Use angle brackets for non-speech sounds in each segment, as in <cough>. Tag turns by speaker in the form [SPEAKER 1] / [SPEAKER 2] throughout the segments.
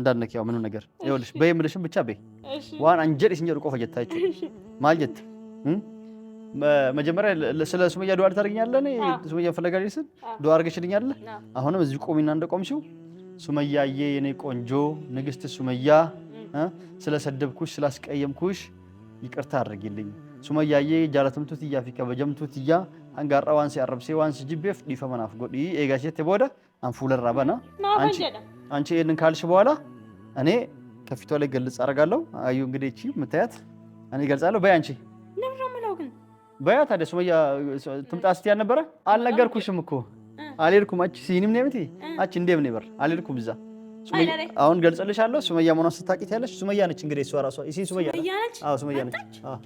[SPEAKER 1] እንዳነክ ያው ምንም ነገር ይኸውልሽ፣ በይ የምልሽም ብቻ በይ። ዋን አንጀል ይስኛሩ ቆፈ ጀታችሁ ማልጀት መጀመሪያ ስለ ሱመያ ዱዓ ታደርግኛለህ። እኔ ሱመያ ፈለጋለች ስል ዱዓ አድርገሽልኛለህ። አሁንም እዚህ ቆሚና እንደቆምሽው ሱመያዬ፣ የኔ ቆንጆ ንግስት ሱመያ፣ ስለሰደብኩሽ ስላስቀየምኩሽ ይቅርታ አድርጊልኝ። ሱመያዬ ጃለተምቱ ትያ ፊከ በጀምቱት ትያ አንጋራ ዋንስ ያረብሴ ዋንስ ጅቤፍ ዲፈመናፍ መናፍ ጎዲ ኤጋሼቴ ቦደ አንፉለራ አንቺ አንቺ ይሄንን ካልሽ በኋላ እኔ ከፊቷ ላይ ገልጽ አደርጋለሁ። አዩ እንግዲህ እቺ የምታያት እኔ ገልጻለሁ። በይ አንቺ በያ ታዲያ ሱመያ ትምጣ ስትይ አልነበረ? አልነገርኩሽም እኮ አልሄድኩም። አንቺ ሲኒም ነይ እምትይ አንቺ እንደም ነበር በር አልሄድኩም። እዛ አሁን ገልጽልሻለሁ። ሱመያ መሆኗን ስታቂ ትያለሽ። ሱመያ ነች እንግዲህ እሷ ራሷ እሺ፣ ሱመያ ነች። አዎ ሱመያ ነች። አዎ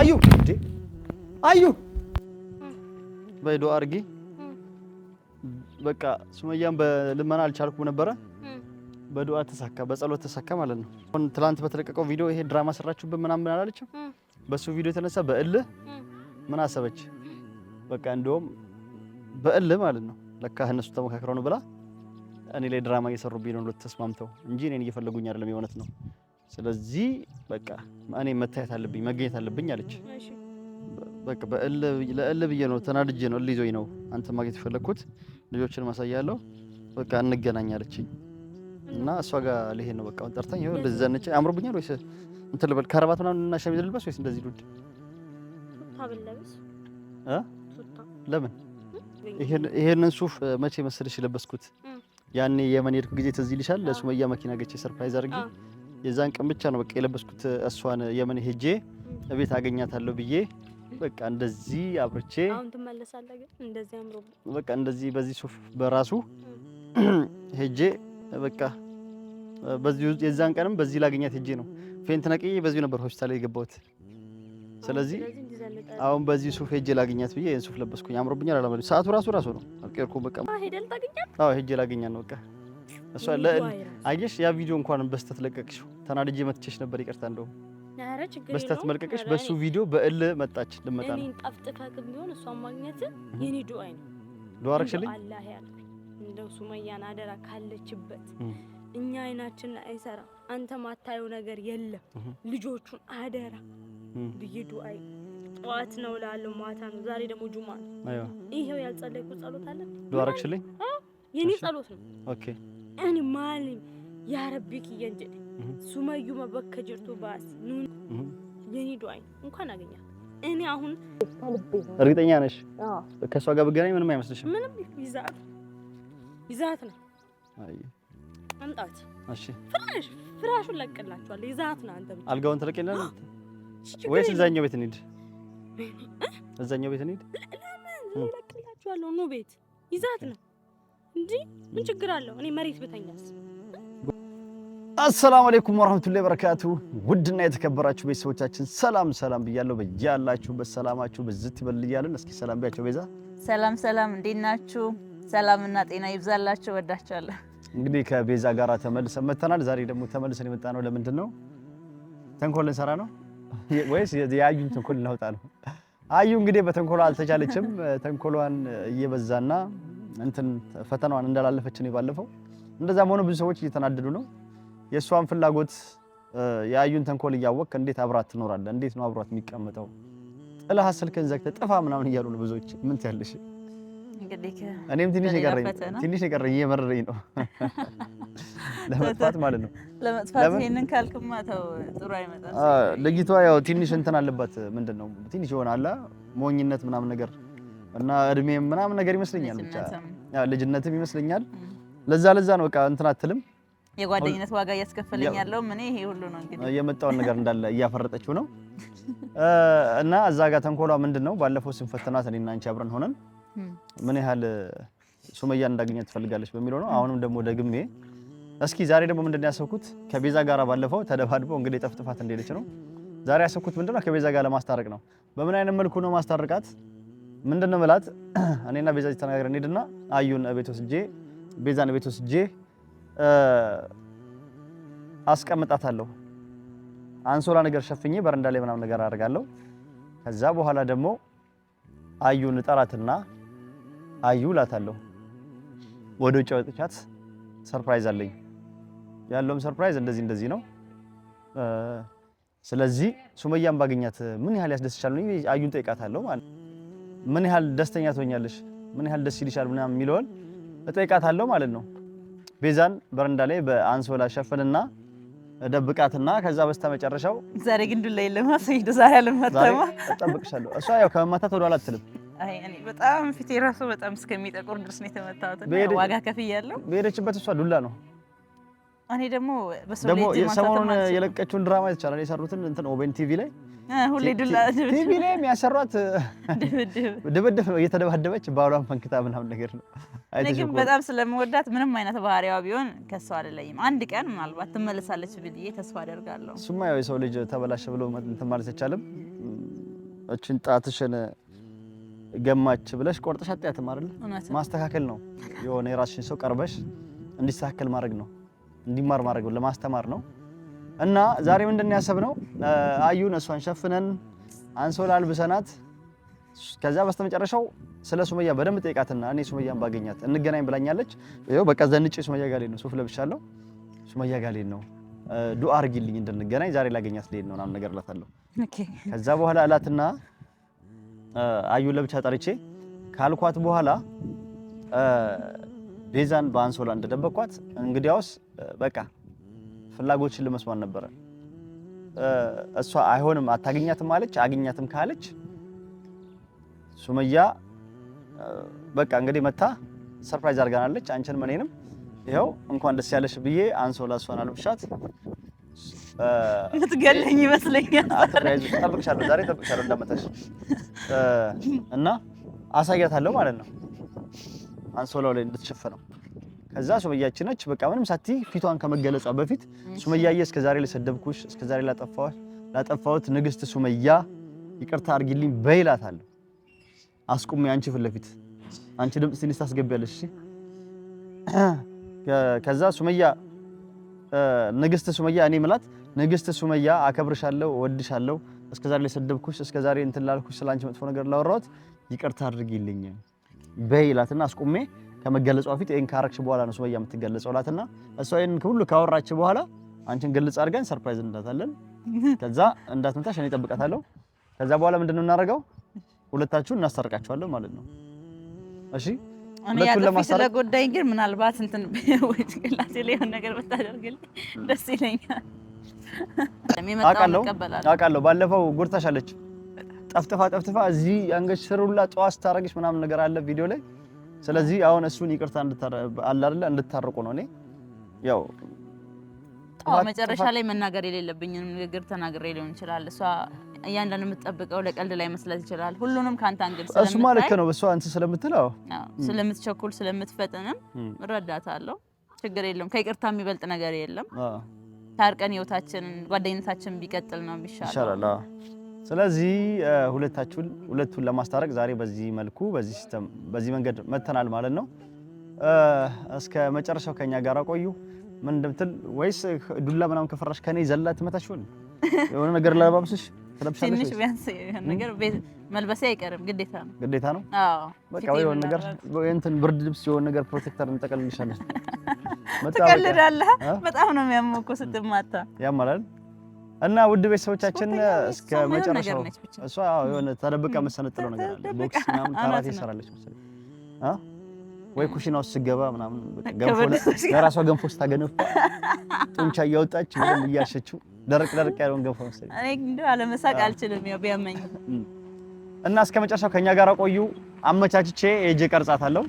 [SPEAKER 1] አዩ አዩ በይ ዱአ አድርጊ በቃ ሱመያን በልመና አልቻልኩ ነበረ። በዱዓ ተሳካ፣ በጸሎት ተሳካ ማለት ነው። አሁን ትላንት በተለቀቀው ቪዲዮ ይሄ ድራማ ሰራችሁብን ምናምን አላለችም። በሱ ቪዲዮ የተነሳ በእልህ ምን አሰበች? በቃ እንደውም በእልህ ማለት ነው ለካ እነሱ ተመካክረው ነው ብላ እኔ ላይ ድራማ እየሰሩብኝ ነው ብለው ተስማምተው እንጂ እኔን እየፈለጉኝ አይደለም የእውነት ነው። ስለዚህ በቃ እኔ መታየት አለብኝ መገኘት አለብኝ አለች። በቃ ለእል ብዬ ነው ተናድጄ ነው እል ይዞኝ ነው አንተ ማግኘት የፈለግኩት ልጆችን ማሳያለሁ በቃ እንገናኛለችኝ እና እሷ ጋር ልሄድ ነው በቃ ጠርታኝ ይኸው እንደዚህ ዘንጬ አምሮብኛል ወይስ እንትን ልበል ከረባት ምናምን እና ሸሚዝ ልልበስ ወይስ እንደዚህ ልውድ እ ለምን ይሄንን ሱፍ መቼ መሰለሽ የለበስኩት ያኔ የመን ሄድኩ ጊዜ ትዝ ይልሻል ለሱመያ መኪና ገቼ ሰርፕራይዝ አድርጌ የዛን ቀን ብቻ ነው በቃ የለበስኩት እሷን የመን ሄጄ እቤት አገኛታለሁ ብዬ በቃ እንደዚህ አብርቼ
[SPEAKER 2] አሁን ትመለሳለህ። ግን እንደዚህ አምሮ
[SPEAKER 1] በቃ እንደዚህ በዚህ ሱፍ በራሱ ሄጄ በቃ በዚህ የዛን ቀንም በዚህ ላገኛት ሄጄ ነው ፌንት ነቅዬ በዚሁ ነበር ሆስፒታል የገባሁት። ስለዚህ አሁን በዚህ ሱፍ ሄጄ ላገኛት ብዬ ይሄን ሱፍ ለበስኩኝ። አምሮብኛል። አላማ ሰዓቱ ራሱ ራሱ ነው አልቀርኩም። በቃ
[SPEAKER 2] ሄደን ታገኛት።
[SPEAKER 1] አዎ ሄጄ ላገኛት ነው በቃ እሷ አየሽ፣ ያ ቪዲዮ እንኳን በስተት ለቀቅሽው። ተናድጄ መትቼሽ ነበር። ይቅርታ እንደውም በስታት መልቀቅሽ በሱ ቪዲዮ በእል መጣች ልመጣ ነው።
[SPEAKER 2] ጠፍጥፈህ ቢሆን እሷን ማግኘት የኔ ዱአይ ነው። ዱአ አደረግሽልኝ። አላህ ያልኩ እንደው ሱመያን አደራ ካለችበት እኛ አይናችን አይሰራ አንተ ማታየው ነገር የለም። ልጆቹን አደራ ብዬ ዱአይ ጠዋት ነው ማታ ነው። ዛሬ ደግሞ ጁማ ነው። ይሄው ጸሎት አለ። ዱአ አደረግሽልኝ። የኔ ጸሎት ነው። ኦኬ እኔ ማልኝ ሱመዩ መበክ ከጅርቱ ባስ ኑን የኔ ዱአይ እንኳን አገኛት። እኔ አሁን
[SPEAKER 1] እርግጠኛ ነሽ ከእሷ ጋር ብገናኝ ምንም አይመስልሽም?
[SPEAKER 2] ምንም ይዛት ይዛት ነው አምጣት። እሺ ፍራሽ ፍራሹን ለቅላችኋለሁ። ይዛት ነው አንተ
[SPEAKER 1] ብቻ አልጋውን ትለቅልናል <gasps> ወይስ እዛኛው ቤት እንሂድ? እዛኛው ቤት እንሂድ።
[SPEAKER 2] ለምን ለቅላችኋለሁ? ኑ ቤት ይዛት ነው እንጂ ምን ችግር አለው? እኔ መሬት ብተኛስ
[SPEAKER 1] አሰላሙ አለይኩም ወራህመቱላሂ በረካቱ ውድና የተከበራችሁ ቤተሰቦቻችን ሰላም ሰላም ብያለሁ። በያላችሁበት ሰላማችሁ ብዝት ይበል እያልን እስኪ ሰላም ቢያቸው ቤዛ
[SPEAKER 3] ሰላም ሰላም፣ እንዴት ናችሁ? ሰላምና ጤና ይብዛላችሁ። ወዳችኋለሁ።
[SPEAKER 1] እንግዲህ ከቤዛ ጋር ተመልሰን መተናል ዛሬ ደግሞ ተመልሰን የመጣ ነው ለምንድን ነው? ተንኮል ልንሰራ ነው ወይስ የአዩን ተንኮል ልናውጣ ነው? አዩ እንግዲህ በተንኮሏ አልተቻለችም። ተንኮሏን እየበዛና እንትን ፈተናዋን እንዳላለፈች ነው ባለፈው። እንደዛም ሆኖ ብዙ ሰዎች እየተናደዱ ነው የእሷን ፍላጎት የአዩን ተንኮል እያወቅክ እንዴት አብራት ትኖራለህ? እንዴት ነው አብራት የሚቀመጠው? ጥላ ስልክን ዘግተህ ጥፋ ምናምን እያሉ ነው ብዙዎች። ምን ትያለሽ? እኔም ትንሽ የቀረኝ ትንሽ የቀረኝ እየመረረኝ ነው <laughs> ለመጥፋት ማለት ነው።
[SPEAKER 3] ለመጥፋት ይሄንን ካልክማ ተው ጥሩ
[SPEAKER 1] አይመጣም። ልጅቷ ያው ትንሽ እንትን አለባት። ምንድን ነው ትንሽ አለ ሞኝነት ምናምን ነገር እና እድሜ ምናምን ነገር ይመስለኛል፣ ብቻ ልጅነትም ይመስለኛል። ለዛ ለዛ ነው በቃ እንትን አትልም
[SPEAKER 3] የጓደኝነት ዋጋ እያስከፈለኝ ያለው ምን ይሄ ሁሉ ነው። እንግዲህ
[SPEAKER 1] የመጣውን ነገር እንዳለ እያፈረጠችው ነው። <laughs> እና እዛ ጋር ተንኮሏ ምንድን ነው? ባለፈው ስንፈትናት እኔና አንቺ አብረን ሆነን ምን ያህል ሱመያን እንዳገኘት ትፈልጋለች በሚለው ነው። አሁንም ደግሞ ደግሜ እስኪ ዛሬ ደግሞ ምንድን ነው ያሰብኩት ከቤዛ ጋር ባለፈው ተደባድቦ እንግዲህ ጠፍጥፋት እንደሄደች ነው። ዛሬ ያሰብኩት ምንድን ነው ከቤዛ ጋር ለማስታረቅ ነው። በምን አይነት መልኩ ነው ማስታረቃት? ምንድን ነው ምላት <clears throat> እኔና ቤዛ ተነጋግረን ሄድና አዩን ቤት ወስጄ ቤዛን ቤት ወስጄ አስቀምጣታለሁ። አንሶላ ነገር ሸፍኜ በረንዳ ላይ ምናምን ነገር አድርጋለሁ ከዛ በኋላ ደግሞ አዩን እጠራትና አዩ እላታለሁ። ወደ ውጭ ወጥቻት ሰርፕራይዝ አለኝ። ያለውም ሰርፕራይዝ እንደዚህ እንደዚህ ነው። ስለዚህ ሱመያን ባገኛት ምን ያህል ያስደስቻል? አዩን ጠይቃታለሁ ማለት ምን ያህል ደስተኛ ትሆኛለሽ? ምን ያህል ደስ ይልሻል? ምናምን የሚለውን እጠይቃታለሁ ማለት ነው። ቤዛን በረንዳ ላይ በአንሶላ ሸፍንና ደብቃትና ከዛ በስተመጨረሻው
[SPEAKER 3] ዛሬ ግን ዱላ የለም አስይዶ ዛሬ አልመታማ
[SPEAKER 1] እጠብቅሻለሁ። እሷ ያው ከመመታት ወደ ኋላ አትልም።
[SPEAKER 3] አይ እኔ በጣም ፊቴ ራሱ በጣም እስከሚጠቁር ድረስ ነው የተመታሁት እና ዋጋ ከፍያለሁ።
[SPEAKER 1] በሄደችበት እሷ ዱላ ነው።
[SPEAKER 3] እኔ ደግሞ በሰው
[SPEAKER 1] ላይ ሰሞኑን የለቀችውን ድራማ ይቻላል የሰሩትን እንትን ኦቤን ቲቪ ላይ ሁሌ ዱላ ቲቪ ላይ የሚያሰሯት ድብድብ <laughs> <laughs> እየተደባደበች ባሏን ፈንክታ ምናምን ነገር ነው።
[SPEAKER 3] ግን በጣም ስለምወዳት ምንም አይነት ባህሪዋ ቢሆን ከሷ አንድ ቀን ምናልባት ትመለሳለች ብዬ ተስፋ አደርጋለሁ።
[SPEAKER 1] እሱማ ያው የሰው ልጅ ተበላሸ ብሎ እንትን ማለት አይቻልም። እችን ጣትሽን ገማች ብለሽ ቆርጠሽ አይደል? ማስተካከል ነው የሆነ የራስሽን ሰው ቀርበሽ እንዲስተካከል ማድረግ ነው፣ እንዲማር ማድረግ ነው፣ ለማስተማር ነው እና ዛሬ ምንድን ያሰብነው አዩን እሷን ሸፍነን አንሶላ አልብሰናት ከዛ በስተመጨረሻው ስለ ሱመያ በደንብ ጠይቃትና እኔ ሱመያን ባገኛት እንገናኝ ብላኛለች። ይኸው በቃ ዘንጬ ሱመያ ጋር ልሄድ ነው፣ ሱፍ ለብሻለሁ፣ ሱመያ ጋር ልሄድ ነው፣ ዱአ አድርጊልኝ እንድንገናኝ፣ ዛሬ ላገኛት ልሄድ ነው ምናምን ነገር እላታለሁ። ከዛ በኋላ እላትና አዩን ለብቻ ጠርቼ ካልኳት በኋላ ቤዛን በአንሶላ እንደደበቅኳት እንግዲያውስ በቃ ፍላጎችን ለመስማት ነበረ። እሷ አይሆንም አታገኛትም አለች። አገኛትም ካለች ሱመያ በቃ እንግዲህ መታ ሰርፕራይዝ አድርጋናለች። አንቺንም እኔንም ይኸው እንኳን ደስ ያለሽ ብዬ አንሶላ እሷን አልብሻት።
[SPEAKER 3] ምትገለኝ ይመስለኛል።
[SPEAKER 1] ጠብቅሻለሁ፣ ዛሬ ጠብቅሻለሁ እንዳመጣሽ እና አሳያታለሁ ማለት ነው አንሶላው ላይ እንድትሸፈነው ከዛ ሱመያችን ነች። በቃ ምንም ሳቲ ፊቷን ከመገለጿ በፊት ሱመያዬ፣ እስከዛሬ ለሰደብኩሽ፣ እስከዛሬ ላጠፋሁት ንግስት ሱመያ ይቅርታ አድርጊልኝ በይላታለሁ። አስቁሜ አንቺ ፊት ለፊት አንቺ ድምፅ ሲኒስ ታስገቢያለሽ። እሺ <clears throat> ከዛ ሱመያ ንግስት ሱመያ እኔ ምላት ንግስት ሱመያ አከብርሻለሁ፣ እወድሻለሁ እስከዛሬ ለሰደብኩሽ፣ እስከዛሬ እንትን ላልኩሽ፣ ስላንቺ መጥፎ ነገር ላወራሁት ይቅርታ አድርጊልኝ በይላትና አስቁሜ ከመገለጿ በፊት ይህን ካረግሽ በኋላ ነው ሱመያ የምትገለጸው ላትና እሷ ይህን ሁሉ ካወራች በኋላ አንቺን ግልጽ አድርገን ሰርፕራይዝ እንዳታለን። <laughs> ከዛ እንዳትመጣሽ እኔ እጠብቃታለሁ። ከዛ በኋላ ምንድን ነው እናደርገው? ሁለታችሁን እናስታርቃችኋለሁ ማለት ነው። እሺ
[SPEAKER 3] ስለጎዳኝ ግን ምናልባት እንትን ጭንቅላቴ ላይ የሆነ ነገር ብታደርግልኝ ደስ ይለኛል።
[SPEAKER 1] አውቃለሁ ባለፈው ጎድታሻለች። ጠፍጥፋ ጠፍጥፋ እዚህ አንገች ስሩላ ጠዋት ስታረግሽ ምናምን ነገር አለ ቪዲዮ ላይ ስለዚህ አሁን እሱን ይቅርታ እንድታርቁ ነው። እኔ ያው
[SPEAKER 3] መጨረሻ ላይ መናገር የሌለብኝንም ንግግር ተናግሬ ሊሆን ይችላል። እሷ እያንዳንዱ የምትጠብቀው ለቀልድ ላይ መስለት ይችላል። ሁሉንም ከአንተ አንግል
[SPEAKER 1] እሱ ማለት ነው። እሷ አንተ ስለምትለው
[SPEAKER 3] ስለምትቸኩል ስለምትፈጥንም እረዳታለሁ። ችግር የለም። ከይቅርታ የሚበልጥ ነገር የለም። ታርቀን ህይወታችንን ጓደኝነታችን ቢቀጥል ነው የሚሻለው።
[SPEAKER 1] ስለዚህ ሁለታችሁን ሁለቱን ለማስታረቅ ዛሬ በዚህ መልኩ በዚህ ሲስተም በዚህ መንገድ መተናል ማለት ነው። እስከ መጨረሻው ከኛ ጋር ቆዩ። ምን እንደምትል ወይስ ዱላ ምናምን ከፈራሽ ከኔ ዘላ ትመታሽውን የሆነ ነገር ለባብስሽ ትለብሻለሽ።
[SPEAKER 3] ቢያንስ የሆነ ነገር ቤት መልበሴ አይቀርም ግዴታ ነው ግዴታ ነው። አዎ
[SPEAKER 1] በቃ የሆነ ነገር እንትን ብርድ ልብስ የሆነ ነገር ፕሮቴክተር እንጠቀልልሻለን።
[SPEAKER 3] <laughs> ትቀልዳለህ። በጣም ነው የሚያሞቀው ስትማታ
[SPEAKER 1] ያማላል እና ውድ ቤተሰቦቻችን እስከ መጨረሻው እሷ የሆነ ተደብቃ መሰነጥለው ነገር አለ። ቦክስ ምናምን ካራቴ ይሰራለች መሰለኝ አ ወይ ኩሽና ውስጥ ስገባ ምናምን ለራሷ ገንፎ ስታገነፍ ጡንቻ እያወጣች ምንም እያሸችው ደረቅ ደረቅ ያለውን ገንፎ መሰለኝ።
[SPEAKER 3] እኔ እንደው አለመሳቅ አልችልም፣ ያው ቢያመኝ
[SPEAKER 1] እና እስከ መጨረሻው ከኛ ጋር ቆዩ። አመቻችቼ የእጄ ቀርጻታለሁ።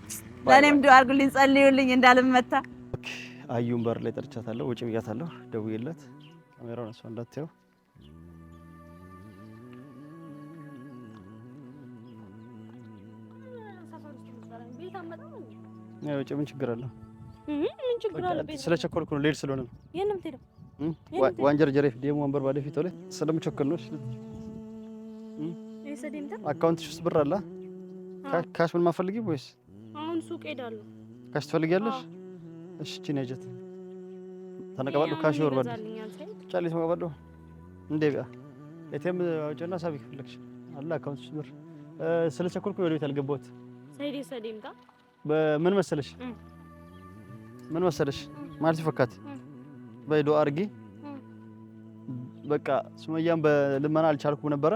[SPEAKER 3] ለእኔም ዱአ አርጉልኝ፣ ጸልዩልኝ እንዳልመታ።
[SPEAKER 1] አዩን በር ላይ ጠርቻታለሁ፣ ውጭ ብያታለሁ፣ ደውዬለት ካሜራውን እሷ እንዳትየው ውጭ። ምን ችግር አለው? ስለቸኮልኩ ነው። ልሄድ ስለሆነ ነው። ዋንጀር ጀሬፍ ደሞ ወንበር ባለ ፊት ላይ ስለምቸኮል ነው። አካውንትሽ ውስጥ ብር አለ? ካሽ ምን ማፈልጊ ወይስ
[SPEAKER 2] አሁን ሱቅ ሄዳለሁ?
[SPEAKER 1] ካሽ ትፈልጊያለሽ? እሺ፣ እቺ ነጀት ተነቀባለሁ። ካሽ ይወርባል ጫሌት መቀበለው እንዴ ቢያ ኤቲኤም አውጪና ሳቢ ከፈለግሽ አለ አካውንት ብር ስለቸኮልኩ ወደ ቤት አልገባሁት።
[SPEAKER 2] ሰይዲ ሰዲምታ
[SPEAKER 1] በምን መሰለሽ ምን መሰለሽ ማለት ፈካት በዶ አርጊ በቃ ሱመያን በልመና አልቻልኩም ነበረ።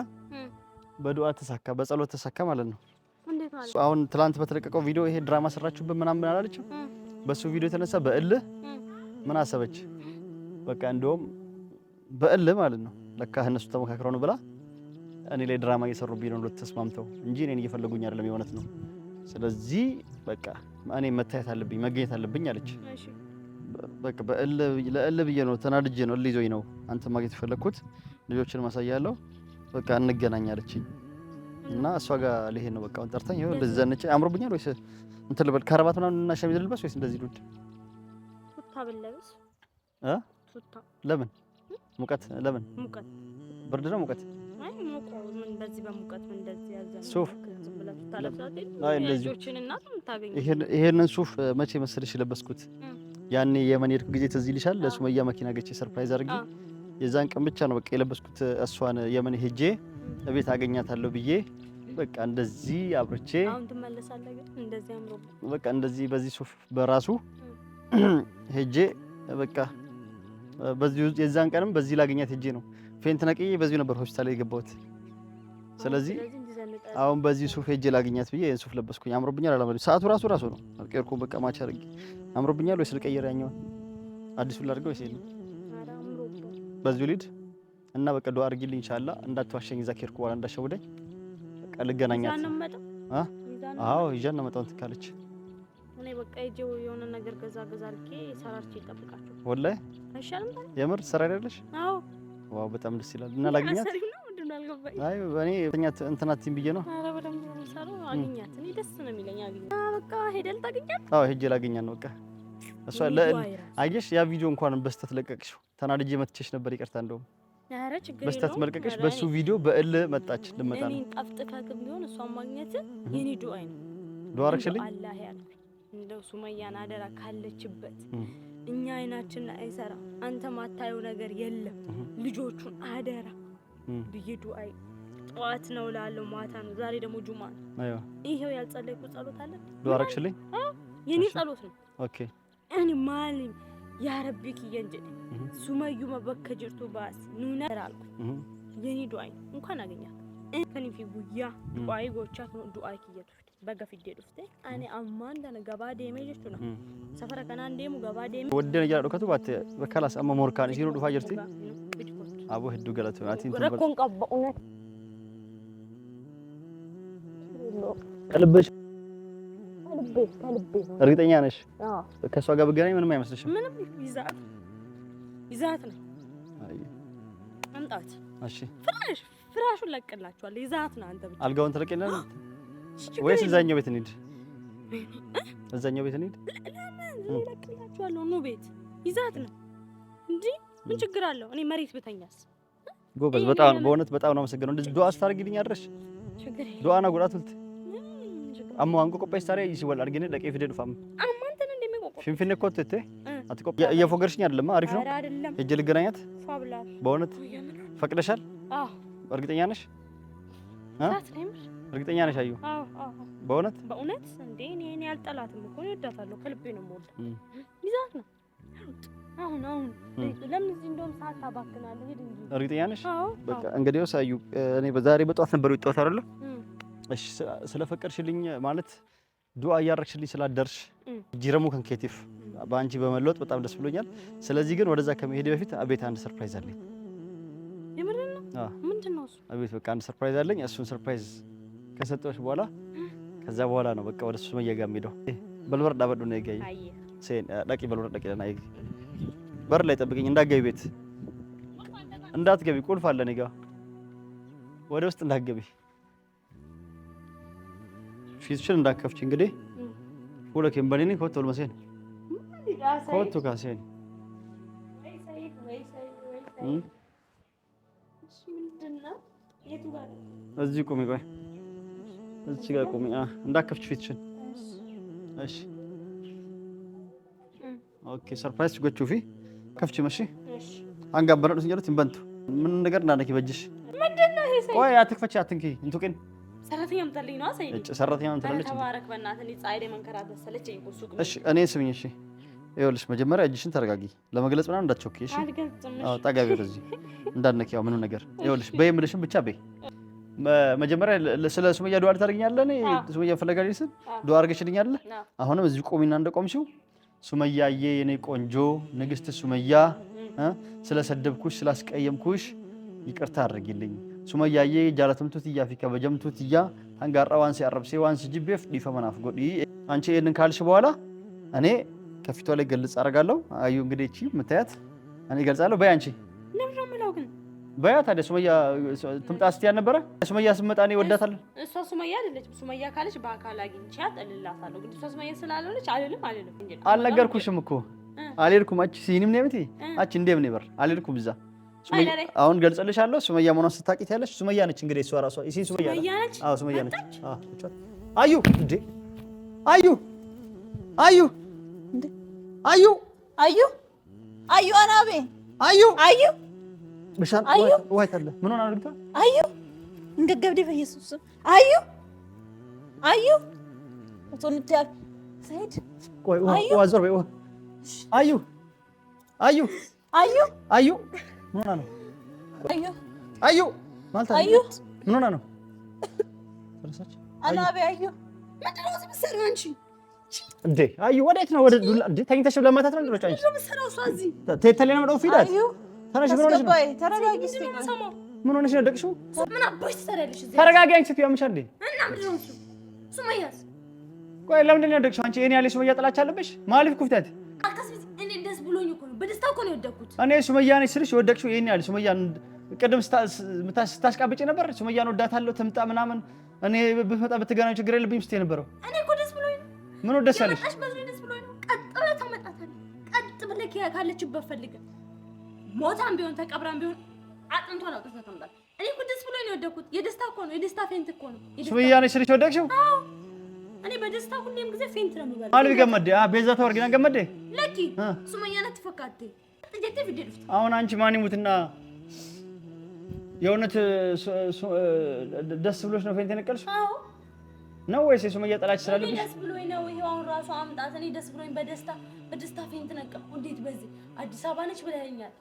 [SPEAKER 1] በዱዓ ተሳካ፣ በጸሎት ተሳካ ማለት ነው። አሁን ትላንት በተለቀቀው ቪዲዮ ይሄ ድራማ ሰራችሁበት ምናምን አላለችም። በሱ ቪዲዮ የተነሳ በእልህ ምን አሰበች በቃ እንደውም በእል ማለት ነው። ለካ እነሱ ተመካክረው ነው ብላ እኔ ላይ ድራማ እየሰሩብኝ ነው ሁለት ተስማምተው እንጂ እኔን እየፈለጉኝ አይደለም፣ የእውነት ነው። ስለዚህ በቃ እኔ መታየት አለብኝ መገኘት አለብኝ አለች። በቃ በእል ለእል ብዬ ነው ተናድጄ ነው እልህ ይዞኝ ነው አንተ ማግኘት የፈለግኩት ልጆችን ማሳያለሁ በቃ እንገናኝ አለችኝ። እና እሷ ጋር ልሄድ ነው በቃ ጠርታኝ ይኸው እንደዚህ ዘንጬ አምሮብኛል ወይስ እንትን ልበል ከረባት ምናምን እና ሸሚዝ ልልበስ ወይስ እንደዚህ ዱድ
[SPEAKER 2] ቱታ ብለብስ
[SPEAKER 1] እ ለምን ሙቀት ለምን ሙቀት ብርድ ነው ሙቀት
[SPEAKER 2] አይ ሙቀው ምን በዚህ በሙቀት ምን እንደዚህ ያዘነ
[SPEAKER 1] ሱፍ ይሄንን ሱፍ መቼ መሰለሽ ለበስኩት ያኔ የመን ሄድኩ ጊዜ ትዝ ይልሻል ለሱመያ መኪና ገጭ ሰርፕራይዝ አድርጌ የዛን ቀን ብቻ ነው በቃ የለበስኩት እሷን የመን ሄጄ እቤት አገኛታለሁ ብዬ በቃ እንደዚህ አብርቼ በቃ እንደዚህ በዚህ ሱፍ በራሱ ሄጄ በቃ በዚህ የዛን ቀንም በዚህ ላገኛት እጄ ነው ፌንት ነቅዬ በዚሁ ነበር ሆስፒታል የገባሁት። ስለዚህ አሁን በዚህ ሱፍ እጄ ላገኛት ብዬ ይሄን ሱፍ ለበስኩኝ። አምሮብኛል አላማለሁ። ሰዓቱ ራሱ ራሱ ነው አልቀርኩም። በቃ ማች አድርጌ አምሮብኛል ወይስ ልቀይር? ያኛውን አዲሱን ላድርገው ወይስ ይሄን በዚሁ ልሂድ እና በቃ ዱአ አድርጊልኝ ኢንሻአላህ። እንዳትዋሸኝ እዛ ከሄድኩ በኋላ እንዳሸውደኝ። በቃ ልገናኛት። አዎ ይዣን ነው መጣው ትካለች።
[SPEAKER 2] እኔ በቃ የሆነ ነገር ገዛ ገዛ አድርጌ ሰራርቼ ይጠብቃቸው ወላሂ አይሻልም?
[SPEAKER 1] የምር ስራ አይደለሽ? አዎ። ዋው በጣም ደስ ይላል። እና ላግኛት? አይ እኔ እንትና ቲም ብዬ ነው።
[SPEAKER 2] ኧረ በደምብ ነው የምሰራው። አግኛት። እኔ ደስ ነው የሚለኝ አግኛት። በቃ ሄደህ ልታገኛት?
[SPEAKER 1] አዎ ሄጄ ላገኛት ነው በቃ። እሷ አየሽ፣ ያ ቪዲዮ እንኳን በስተት ለቀቅሽው። ተናድጄ መትቼሽ ነበር። ይቅርታ እንደውም በስተት መልቀቅሽ በሱ ቪዲዮ በእል መጣች። ልመጣ ነው
[SPEAKER 2] ጣፍጥፋት ቢሆን እሷ ማግኘት የኔ ዱአይ ነው። ዱአ አረግሽልኝ? አላህ ያልኩ እንደው ሱመያን አደራ ካለችበት እኛ አይናችን ላይ አይሰራ፣ አንተ ማታየው ነገር የለም። ልጆቹን አደራ ብዬ ዱአይ ጠዋት ነው ላለው ማታ ነው። ዛሬ ደግሞ ጁማ ነው። ይሄው ያልጸለይኩ ጸሎት አለ ዱአረክሽልኝ የኔ ጸሎት ነው። ኦኬ እኔ ማሊም ያ ረቢ ከየንጀ ሱመዩ ጅርቱ ባስ ኑና ራልኩ የኔ ዱአይ እንኳን አገኛ ከኒፊ ፊጉያ ዱአይ ጎቻት ነው ዱአይ ከየቱት baga fiddee dhuftee ani amman ammaan gaba deme deemee jechuudha. Safara kanaan gaba deme deemee.
[SPEAKER 1] Waddeen jala dhokatu baatte bakkalas amma moorkaan ishii dhufaa jirti. Aboo hedduu galatu.
[SPEAKER 2] Rakkoon qabba uumata.
[SPEAKER 1] ከልብሽ እርግጠኛ ነሽ? ከእሷ ጋር ብገናኝ ምንም አይመስልሽም?
[SPEAKER 2] ምንም ይዛት ነው መምጣት። ፍራሹን ለቅላችኋለሁ። ይዛት ነው አንተ
[SPEAKER 1] ብቻ አልጋውን ትለቅ የለን ወይስ እዛኛው ቤት እንሂድ? እዛኛው ቤት እንሂድ።
[SPEAKER 2] እለቅላችኋለሁ። ኑ ቤት ይዛት ነው እንጂ ምን ችግር አለው? እኔ መሬት ብተኛስ?
[SPEAKER 1] ጎበዝ፣ በጣም በእውነት በጣም ነው አመሰግነው። እንደዚህ ዱአ ስታደርጊልኝ አድረሽ ዱአና ጉዳቱልት አሞ አንቆ ቆጳይ ስታሪ ይሲወል አድርጊኝ ለቄ ፊደል ፋም
[SPEAKER 2] አማንተን እንደሚቆቆ
[SPEAKER 1] ፊንፊኔ ኮት እቴ አትቆ እየፎገርሽኝ አይደለም። አሪፍ ነው። እጅ ልገናኛት በእውነት ፈቅደሻል? አዎ እርግጠኛ ነሽ? እርግጠኛ ነሽ አዩ? አዎ በእውነት
[SPEAKER 2] በእውነት እንዴ! እኔ እኔ አልጠላትም እኮ እወዳታለሁ። ከልቤ ነው የምወዳት። ይዛት ነው አሁን አሁን ለምን እዚህ እንደውም ሰዓት ታባክናለህ። ሂድ
[SPEAKER 1] እንጂ። እርግጠኛ ነሽ? አዎ በቃ እንግዲህ አዩ፣ እኔ በዛሬ በጠዋት ነበር የወጣሁት አይደለ? እሺ፣ ስለፈቀድሽልኝ ማለት ዱአ እያረግሽልኝ ስላደርሽ ጅረሙ ከንኬቲፍ በአንቺ በመለወጥ በጣም ደስ ብሎኛል። ስለዚህ ግን ወደዛ ከመሄድ በፊት አቤት አንድ ሰርፕራይዝ አለኝ።
[SPEAKER 2] የምር ነው? ምንድን ነው እሱ?
[SPEAKER 1] አቤት በቃ አንድ ሰርፕራይዝ አለኝ። እሱን ሰርፕራይዝ ከሰጠሽ በኋላ ከዛ በኋላ ነው በቃ ወደ ሱመያ ጋር የምሄደው። በልበር ዳበዱ ነው ይገኝ ሴን ዳቂ በልበር ዳቂ ለና ይገኝ በር ላይ ጠብቀኝ፣ እንዳትገቢ ቤት እንዳትገቢ፣ ቁልፍ አለ እኔ ጋር ወደ ውስጥ እንዳትገቢ፣ ፊትሽን እንዳከፍች። እንግዲህ ሁለከም በኔን ኮቶል መሴን ኮቶ ካሴን እዚህ ቁሚ ቆይ እዚህ ጋር ቁሚ። እንዳከፍች ፊትሽን። እሺ ኦኬ። ሰርፕራይዝ ችጎቹ ፊ ከፍች መሺ አንጋበረ ነው ሲጀሩት ይንበንቱ ምን ነገር እንዳነኪ በጅሽ
[SPEAKER 2] ምንድነው? ይሄ ሰይ
[SPEAKER 1] ቆይ አትክፈች፣ አትንኪ እንቱቅን
[SPEAKER 2] ሰራተኛ ምታለኝ ነው አሰይ እጭ
[SPEAKER 1] ሰራተኛ ምታለች።
[SPEAKER 2] ተባረክ በእናትህ እኔ ፀሐይ ላይ መንከራተት ሰለቸኝ።
[SPEAKER 1] እሺ እኔ ስሚኝ፣ እሺ ይኸውልሽ፣ መጀመሪያ እጅሽን ተረጋጊ። ለመግለጽ ምናምን እንዳትቸኩኝ። እሺ አዎ፣ ጠጋቢ ወደዚህ እንዳነኪ ያው ምንም ነገር ይኸውልሽ፣ በይ የምልሽን ብቻ በይ መጀመሪያ ስለ ሱመያ ዱዓ ልታደርግኛለህ? እኔ ሱመያ ፈለጋ ስል ዱዓ አድርገሽልኛለህ። አሁንም እዚህ ቆሚና እንደቆምሽው ሱመያዬ፣ የኔ ቆንጆ ንግስት ሱመያ፣ ስለሰደብኩሽ ስላስቀየምኩሽ ይቅርታ አድርጊልኝ። ሱመያዬ ጃለተምቱ ትያ ፊከ በጀምቱት ትያ አንጋራ ዋንስ ያረብሴ ዋንስ ጅቤፍ ዲፈ መናፍ ጎዲ። አንቺ ይሄንን ካልሽ በኋላ እኔ ከፊቷ ላይ ገልጽ አደርጋለሁ። አዩ እንግዲህ እቺ የምታያት እኔ ገልጻለሁ። በይ አንቺ
[SPEAKER 2] ለምን ነው ግን
[SPEAKER 1] በያ ታዲያ ሱመያ ትምጣ ስትይ አልነበረ? ሱመያ ስትመጣ እኔ እወዳታለሁ።
[SPEAKER 2] እሷ ሱመያ አይደለችም። ሱመያ ካለች በአካል አግኝቻት እልላታለሁ። ግን እሷ ሱመያ ስላልሆነች አልልም። አልልም
[SPEAKER 1] አልነገርኩሽም እኮ አልሄድኩም። አንቺ ሲኒም ነይ ቤቴ አንቺ እንደም ነይ በር አልሄድኩም። እዛ አሁን ገልጸልሻለሁ። ሱመያ መሆኗን ስታቂት ያለሽ ሱመያ ነች። እንግዲህ እሷ ራሷ እሺ፣ ሱመያ ነች። አዎ ሱመያ ነች። አዎ አዩ እንዴ! አዩ አዩ እንዴ! አዩ
[SPEAKER 2] አዩ አዩ አናቤ አዩ አዩ
[SPEAKER 1] ምን ሆነ አድርገው
[SPEAKER 2] አዩ እንደ ገብዴ በኢየሱስ አዩ አዩ
[SPEAKER 1] አዩ አዩ አዩ አዩ ምን ሆነ ነው? አዩ አዩ ማለት አዩ ምን ሆነ ነው? አዩ ወዴት ነው? ወደ ዱላ ተኝተሽ ለማታት ነው? ተነሽ። ምን ሆነሽ ነው? ምን ሆነሽ ነው? ደቅሽው?
[SPEAKER 2] ምን አባሽ ትሰሪያለሽ እዚህ?
[SPEAKER 1] ተረጋጊ። አንቺ ፊያም ሻል
[SPEAKER 2] እና ምንድን ነው ሱመያስ?
[SPEAKER 1] ቆይ ለምንድን ነው ያደቅሽው? አንቺ እኔ ያለሽ ሱመያ ጥላቻ አለብሽ? ማለፍ ኩፍተት
[SPEAKER 2] አልከስብት። እኔ ደስ ብሎኝ እኮ ነው፣ በደስታ እኮ ነው የወደኩት።
[SPEAKER 1] እኔ ሱመያ ነኝ ስልሽ የወደቅሽው ይሄን ያለ ሱመያ ቅድም ስታስቃብጪ ነበር። ሱመያን ወዳታለሁ ትምጣ ምናምን እኔ ብትመጣ ብትገናኙ ችግር የለብኝም ስትይ ነበረው።
[SPEAKER 2] እኔ እኮ ደስ ብሎኝ ነው። ምን ወደሳለሽ? ቀጥ ብለህ ታመጣታለህ። ቀጥ ብለህ ካለችበት ፈልገህ ሞታም ቢሆን ተቀብራም ቢሆን አጥንቷን አውጥታ ተምጣል። እኔ እኮ ደስ ብሎኝ ነው የወደኩት። የደስታ እኮ ነው፣ የደስታ ፌንት እኮ ነው።
[SPEAKER 1] ሱመያ ነሽ ልጅ ወደቅሽው?
[SPEAKER 2] እኔ በደስታ ሁሌም ጊዜ ፌንት ነው የምበላው።
[SPEAKER 1] አልቢ ገመዴ አ ቤዛ ተወርግና ገመዴ
[SPEAKER 2] ለኪ ሱመያ ነት ተፈካቴ ጥጀቴ ቢደልፍት
[SPEAKER 1] አሁን አንቺ ማን ይሙትና የእውነት ደስ ብሎሽ ነው ፌንት የነቀልሽ? አዎ ነው ወይስ የሱመያ ጠላች
[SPEAKER 2] ስላለብሽ? ደስ ብሎኝ ነው ይሄው አሁን ራሱ አምጣት። እኔ ደስ ብሎኝ በደስታ በደስታ ፌንት ነቀልኩ። እንዴት በዚህ አዲስ አበባ ነች ብለኸኛል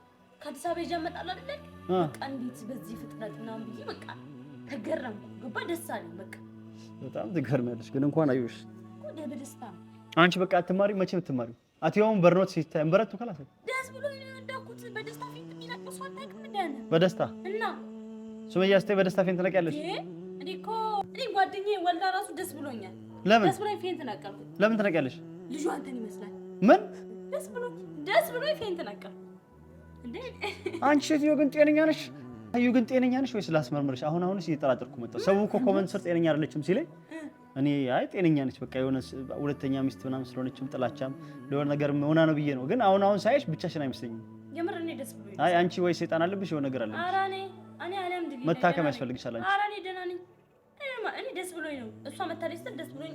[SPEAKER 2] ከአዲስ አበባ ይዤ እመጣለሁ አይደል? በቃ እንዴት በዚህ ፍጥነት ምናምን ብዬ በቃ ተገረምኩ። ገባ ደስ አለኝ። በቃ
[SPEAKER 1] በጣም ትገርሚያለሽ። ግን እንኳን አየሁሽ
[SPEAKER 2] እኮ በደስታ
[SPEAKER 1] አንቺ በቃ አትማሪ መቼ ብትማሪ አትየውም በርኖት ሲታይ እንበረቱ ካላሰ
[SPEAKER 2] ደስ ብሎ እንዳኩት በደስታ ፊት የሚለቅሱ አታውቅም እንዳለ በደስታ እና
[SPEAKER 1] ሱመያ ስታይ በደስታ ፊት ትነቂያለሽ።
[SPEAKER 2] እኔ እኮ እኔ ጓደኛዬ ወልዳ ራሱ ደስ ብሎኛል። ለምን ደስ ብሎኝ ፊት ነቀልኩ። ለምን ትነቂያለሽ? ልጁ አንተን ይመስላል። ምን ደስ ብሎ ደስ ብሎ ፊት ነቀልኩ
[SPEAKER 1] አንቺ ሴትዮ ግን ጤነኛ ነሽ? አዩ ግን ጤነኛ ነሽ ወይስ ላስመርምርሽ? አሁን አሁንስ እየጠራጠርኩ መጣሁ። ሰው እኮ ኮመንት ስር ጤነኛ አይደለችም ሲለኝ እኔ አይ ጤነኛ ነች በቃ የሆነ ሁለተኛ ሚስት ምናምን ስለሆነችም ጥላቻም ለሆነ ነገር ሆና ነው ብዬ ነው። ግን አሁን አሁን ሳይሽ ብቻሽን አይመስለኝም።
[SPEAKER 2] የምር እኔ ደስ ብሎኝ።
[SPEAKER 1] አይ አንቺ ወይ ሰይጣን አለብሽ የሆነ ነገር አለብሽ።
[SPEAKER 2] ኧረ እኔ እኔ አልሄድም።
[SPEAKER 1] መታከም ያስፈልግሻል
[SPEAKER 2] አንቺ። ኧረ እኔ ደህና እኔ ደስ ብሎኝ ነው እሷ መታለች ደስ ብሎኝ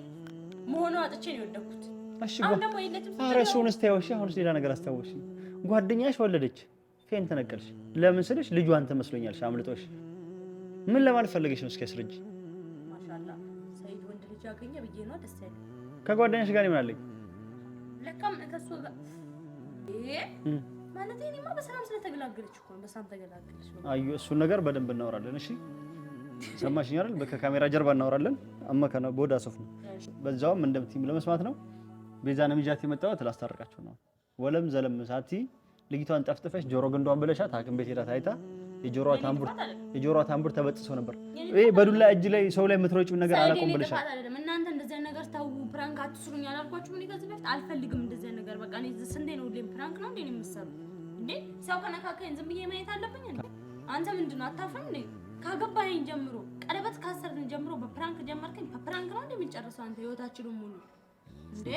[SPEAKER 2] መሆኑ አጥቼ ነው የወደኩት።
[SPEAKER 1] እሺ አሁን ደግሞ የለችም። ኧረ እሱን እስታወሽ። አሁንስ ሌላ ነገር አስታወሽ። ጓደኛሽ ወለደች ፌን ተነቀልሽ። ለምን ስልሽ ልጇ አንተ መስሎኛል አምልጦሽ። ምን ለማለት ፈለገሽ ነው? እስኪ አስረጅ።
[SPEAKER 2] ማሻአላህ ሰይድ ወንድ ልጅ አገኘ ብዬ ነው
[SPEAKER 1] ከጓደኛሽ ጋር ምን አለኝ?
[SPEAKER 2] ለካም ከሱ ጋር ማለት በሰላም
[SPEAKER 1] እኮ አዩ እሱን ነገር በደንብ እናወራለን። እሺ ሰማሽኝ አይደል? ከካሜራ ጀርባ እናወራለን። አማካና ቦዳ ሶፍ ነው። በዛውም እንደምትይም ለመስማት ነው። የመጣሁት ነው። ወለም ዘለም ሳቲ ልጅቷን ጠፍጥፈሽ ጆሮ ግንዷን ብለሻት ሐኪም ቤት ሄዳ ታይታ የጆሮዋ ታምቡር የጆሮዋ ታምቡር ተበጥሶ ነበር። ይሄ በዱላ እጅ ላይ ሰው ላይ የምትሮጪው ነገር አላቆም ብለሻት።
[SPEAKER 2] እናንተ እንደዚህ አይነት ነገር ተው፣ ፕራንክ አትስሩኝ አላልኳችሁም? እኔ ከዚህ በፊት አልፈልግም እንደዚህ አይነት ነገር። በቃ እኔ ስንዴ ነው ሁሌም ፕራንክ ነው እንዴ የምትሰሩ እንዴ? ሰው ከነካከኝ ዝም ብዬ ማየት አለብኝ እንዴ? አንተ ምንድን ነው አታፍርም እንዴ? ካገባኝ ጀምሮ ቀለበት ካሰርን ጀምሮ በፕራንክ ጀመርከኝ። ከፕራንክ ነው እንዴ የምንጨርሰው? አንተ ህይወታችንን ሙሉ እንዴ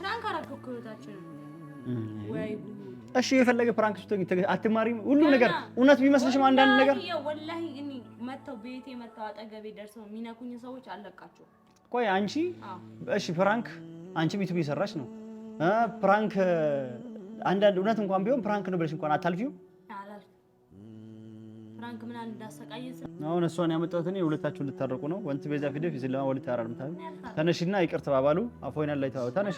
[SPEAKER 2] ፕራንክ አደረገው ህይወታችንን
[SPEAKER 1] ወይ እሺ የፈለገ ፕራንክ አትማሪም። ሁሉም ነገር እውነት ቢመስልሽም
[SPEAKER 2] አንዳንድ ነገር ወላሂ እኔ መተው ቤቴ መተው አጠገቤ ደርሰው የሚነኩኝ ሰዎች አለቃቸው።
[SPEAKER 1] ቆይ አንቺ እሺ ፕራንክ አንቺ ዩቲዩብ የሰራች ነው ፕራንክ። አንዳንድ እውነት እንኳን ቢሆን ፕራንክ ነው ብለሽ እንኳን አታልፊው
[SPEAKER 2] ፍራንክ ምናምን እንዳሰቃየን
[SPEAKER 1] አሁን እሷን ያመጣሁት እኔ ሁለታችሁ እንድታረቁ ነው። ወንት በዛ ፊደፍ ይዝላ ወልት ያራርምታ ተነሽና ይቅር ተባባሉ። አፎይና ላይ ተባባሉ። ተነሽ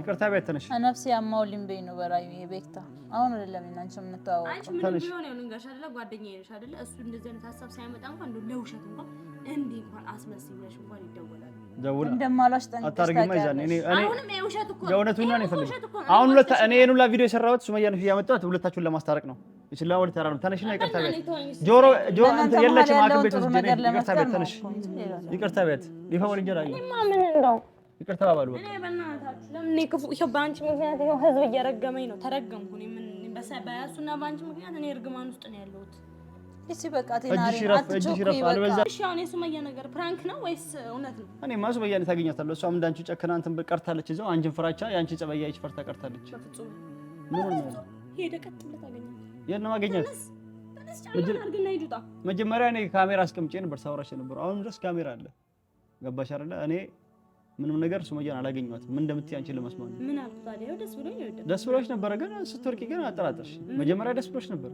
[SPEAKER 1] ይቅርታ ቢያት ተነሽ
[SPEAKER 3] ነፍስ ያማው ሊምበይ ነው በራዩ ይሄ ቤክታ አሁን አይደለም እናንቺ የምንተዋወቀው
[SPEAKER 2] አንቺ ምን ቢሆን ነው እንጋሽ አይደለ ጓደኛዬ ነሽ አይደለ እሱ እንደዚህ አይነት ሀሳብ ሳይመጣ እንኳን እንደው ለውሸት እንኳን እንዲህ እንኳን አስመስለሽ እንኳን ይደወላል
[SPEAKER 1] ደውል እንደማላሽ ጠንቅቀሽ ታውቂያለሽ። አሁን ሁለት እኔ ሁላ ቪዲዮ የሰራሁት ሱመያ ነሽ ያመጣሁት ሁለታችሁን ለማስታረቅ ነው። ይችላል ተራ ነው። ተነሽና ይቅርታ ቤት ጆሮ ጆሮ አንተ የለችም ሐኪም ቤት ውስጥ ይቅርታ ቤት ተነሽ፣ ይቅርታ ቤት ይፈ ወለ ጀራ ይቅርታ ባባሉ
[SPEAKER 2] በቃ ለምን ክፉ ይሄ በአንቺ ምክንያት ይሄው ህዝብ እየረገመኝ ነው። ተረገምኩ ምን በአንቺ ምክንያት እኔ እርግማን ውስጥ ነው ያለሁት። እሺ በቃ ቴናሪ እሺ ነገር ፕራንክ ነው ወይስ
[SPEAKER 1] ነው? ታገኛታለህ። እሷም ፍራቻ ያንቺ ፈርታ ቀርታለች። ምን ነው የት ነው ማገኘት? መጀመሪያ እኔ ካሜራ አስቀምጬ ነበር ሳውራሽ ነበር። አሁንም ድረስ ካሜራ አለ። ገባሽ አይደለ? እኔ ምንም ነገር ሱመያን አላገኘኋትም። ምን እንደምትይ አንቺን ለመስማት
[SPEAKER 2] ምን አልኩ ታዲያ? ደስ ብሎኝ
[SPEAKER 1] ነው። ደስ ብሎሽ ነበረ፣ ግን ስትወርቂ ግን አጠራጠርሽ። መጀመሪያ ደስ ብሎሽ ነበር።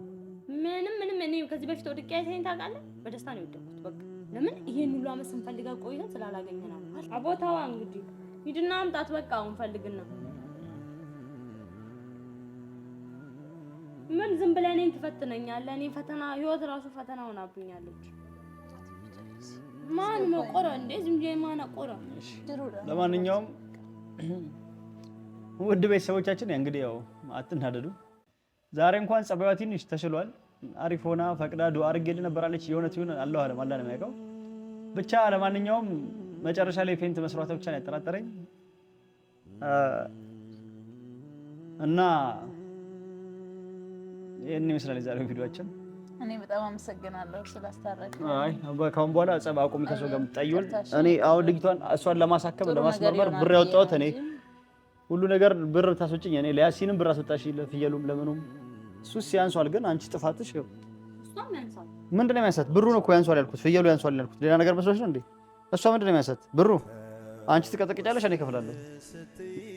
[SPEAKER 2] ምንም ምንም እኔ ከዚህ በፊት ወድቄ አይተኸኝ ታውቃለህ? በደስታ ነው የወደድኩት። በቃ ለምን ይሄን ሁሉ አመት ስንፈልጋ ቆይተን ስላላገኘናል። ቦታዋ እንግዲህ ሂድና አምጣት። በቃ አሁን ፈልግና ምን ዝም ብለህ እኔን ትፈትነኛለህ? እኔ ፈተና ህይወት ራሱ ፈተና ሆናብኛለች። ማን መቆረ እንዴ? ዝም ብዬ ማን አቆረ?
[SPEAKER 1] ለማንኛውም ውድ ቤተሰቦቻችን እንግዲህ ያው አትናደዱ። ዛሬ እንኳን ጸባይዋ ትንሽ ተሽሏል። አሪፍ ሆና ፈቅዳ ዱአ አድርጌልህ ነበር አለች። የሆነት ይሁን አላህ አለም አላህ ነው የሚያውቀው። ብቻ ለማንኛውም መጨረሻ ላይ ፌንት መስሯታ ብቻ ነው ያጠራጠረኝ እና ይህን ይመስላል የዛሬው ቪዲዮችን።
[SPEAKER 2] እኔ በጣም አመሰግናለሁ ስላስታረቅ።
[SPEAKER 1] አይ ካሁን በኋላ ጸብ አቁም ከእሷ ጋር የምትጣይውን። እኔ አሁን ልጅቷን እሷን ለማሳከም ለማስመርመር ብር ያወጣሁት እኔ ሁሉ ነገር ብር ታስወጭኝ እኔ ለያሲንም ብር አስወጣሽ፣ ለፍየሉም ለምኑም። እሱ ሲያንሷል፣ ግን አንቺ ጥፋትሽ ያው ምንድን ነው የሚያንሳት? ብሩ ነው እኮ ያንሷል ያልኩት፣ ፍየሉ ያንሷል ያልኩት። ሌላ ነገር መስሎሽ ነው እንዴ? እሷ ምንድን ነው የሚያንሳት? ብሩ አንቺ ትቀጠቅጫለሽ፣ እኔ እከፍላለሁ።